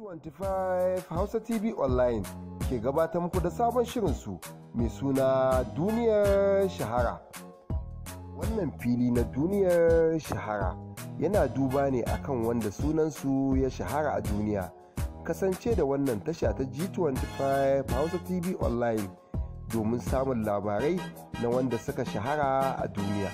25 Hausa TV Online ke gabata muku da sabon shirin su mai suna duniyar shahara. Wannan fili na duniyar shahara yana duba ne akan wanda sunansu ya shahara a duniya. Kasance da wannan tasha ta G25 Hausa TV Online domin samun labarai na wanda suka shahara a duniya.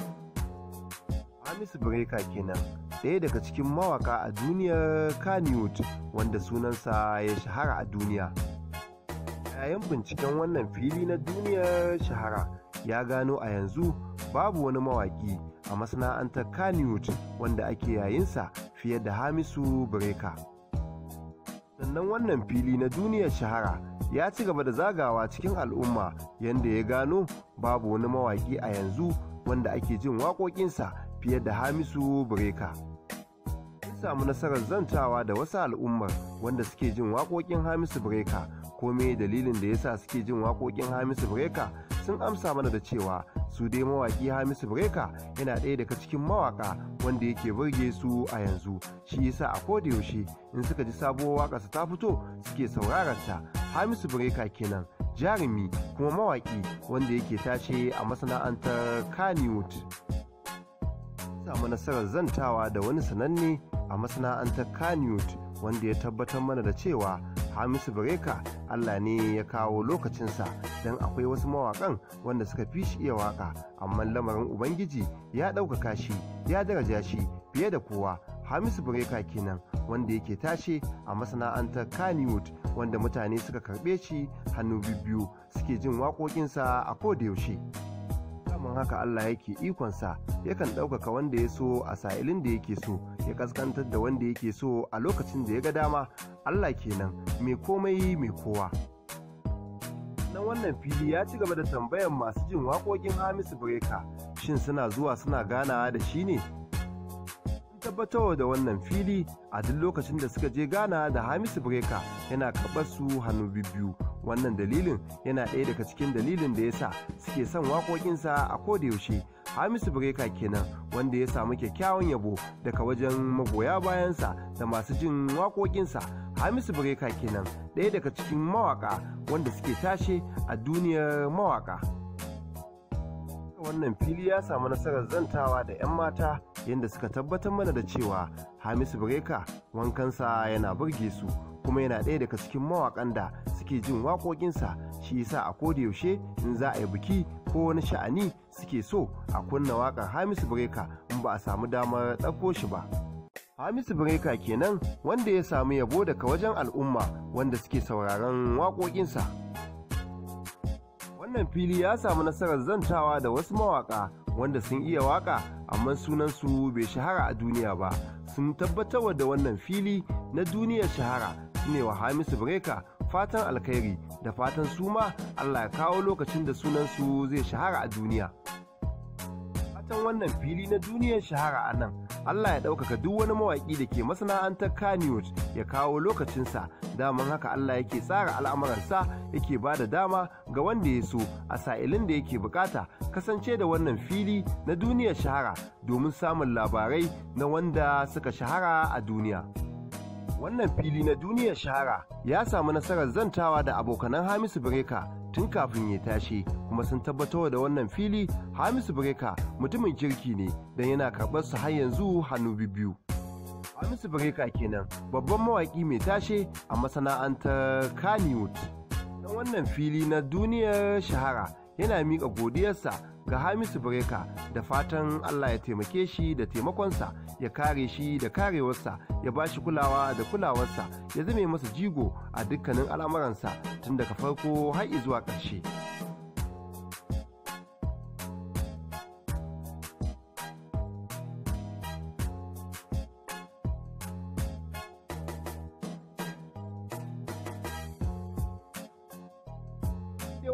Hamisu bireka kenan. ɗaya daga cikin mawaka a duniyar kaniwood wanda sunansa ya shahara a duniya. Yayin binciken wannan fili na duniyar shahara ya gano a yanzu babu wani mawaki a masana'antar kaniwood wanda ake yayinsa fiye da Hamisu Breka. Sannan wannan fili na duniyar shahara ya ci gaba da zagawa cikin al'umma yadda ya gano babu wani mawaki a yanzu wanda ake jin waƙoƙinsa fiye da Hamisu Breka. samu nasarar zantawa da wasu al'ummar wanda suke jin waƙoƙin Hamisu Breka ko me dalilin da yasa suke jin waƙoƙin Hamisu Breka sun amsa mana da cewa su dai mawaƙi Hamisu Breka yana ɗaya daga cikin mawaƙa wanda yake burge su a yanzu shi yasa a koda yaushe in suka ji sabuwar su ta fito suke ta Hamisu Breka kenan jarumi kuma mawaƙi wanda yake tashe a masana'antar kanywood. samu nasarar zantawa da wani sananne a masana'antar kanyut wanda ya tabbatar mana da cewa Hamisu Breka Allah ne ya kawo lokacinsa don akwai wasu mawakan wanda suka fi shi iya waka amma lamarin Ubangiji ya ɗaukaka shi ya daraja shi fiye da kowa Hamisu Breka kenan wanda yake tashe a masana'antar kanyut wanda mutane suka karɓe shi hannu biyu suke jin waƙoƙinsa a kodayaushe. yaushe. haka Allah yake ikonsa yakan ɗaukaka wanda ya so a sa'ilin da yake so ya kaskantar da wanda yake so a lokacin da ya ga dama Allah kenan mai komai mai kowa. na wannan fili ya ci gaba da tambayan masu jin waƙoƙin Hamisu Breka shin suna zuwa suna ganawa da shi ne? tabbatarwa da wannan fili a duk lokacin da suka je ganawa da Hamisu Breka yana karɓar su hannu biyu wannan dalilin yana ɗaya daga cikin dalilin da ya sa suke son waƙoƙinsa a kodayaushe hamisu breka kenan wanda ya samu kyakkyawan yabo daga wajen magoya bayansa da masu jin waƙoƙinsa hamisu breka kenan ɗaya daga cikin mawaƙa wanda suke tashe a duniyar mawaƙa wannan fili ya samu nasarar zantawa da 'yan mata yadda suka tabbatar mana da cewa hamisu breka wankansa yana burge su kuma yana ɗaya daga cikin mawaƙan da suke jin waƙoƙinsa shi yasa a ko da yaushe in za a yi biki ko wani sha'ani suke so a kunna waƙar hamisu breka in ba a samu damar ɗauko shi ba hamisu breka kenan wanda ya samu yabo daga wajen al'umma wanda suke sauraron waƙoƙinsa wannan fili ya samu nasarar zantawa da wasu mawaƙa wanda sun iya waƙa amma sunansu bai shahara a duniya ba sun tabbatar da wannan fili na duniyar shahara ne wa hamisu breka fatan alkhairi da fatan suma Allah ya kawo lokacin da sunansu zai shahara a duniya. Fatan wannan fili na duniyar shahara a nan, Allah ya ɗaukaka duk wani mawaƙi da ke masana'antar Kanewt ya kawo lokacinsa, daman haka Allah yake tsara al'amuransa yake ba da dama ga wanda ya so a sa'ilin da yake bukata kasance da wannan fili na duniyar shahara domin samun labarai na wanda suka shahara a duniya. wannan fili na duniya shahara ya samu nasarar zantawa da abokanan Hamisu Breka tun kafin ya tashi kuma sun tabbatar da wannan fili Hamisu Breka mutumin kirki ne don yana karɓar su har yanzu hannu biyu. Hamisu Breka kenan babban mawaƙi mai tashe a masana'antar Kannywood. Don wannan fili na duniyar shahara yana miƙa godiyarsa ga Hamisu Breka da fatan Allah ya taimake shi da taimakonsa ya kare shi da karewarsa ya ba shi kulawa da kulawarsa ya zame masa jigo a dukkanin al'amuransa tun daga farko har zuwa ƙarshe.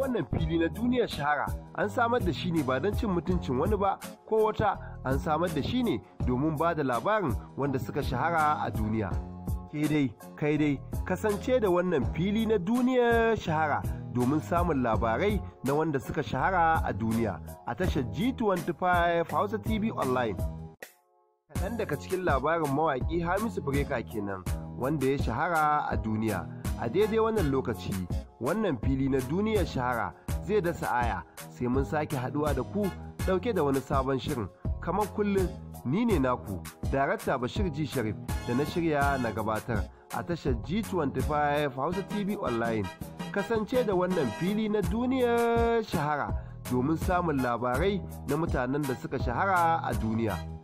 wannan fili na duniyar shahara an samar da shi ne ba don cin mutuncin wani ba ko wata an samar da shi ne domin ba da labarin wanda suka shahara a duniya. Ke dai, kai dai, kasance da wannan fili na duniya shahara domin samun labarai na wanda suka shahara a duniya a tashar G25 Hausa TV Online. Kaɗan daga cikin labarin mawaƙi Hamisu Breka kenan wanda ya shahara a duniya. A daidai wannan lokaci, wannan fili na duniyar shahara zai dasa aya sai mun sake haɗuwa da ku ɗauke da wani sabon shirin. kamar kullum ni ne naku darakta bashir ji sharif da na shirya na gabatar a tashar g25 hausa tv online kasance da wannan fili na duniyar shahara domin samun labarai na mutanen da suka shahara a duniya.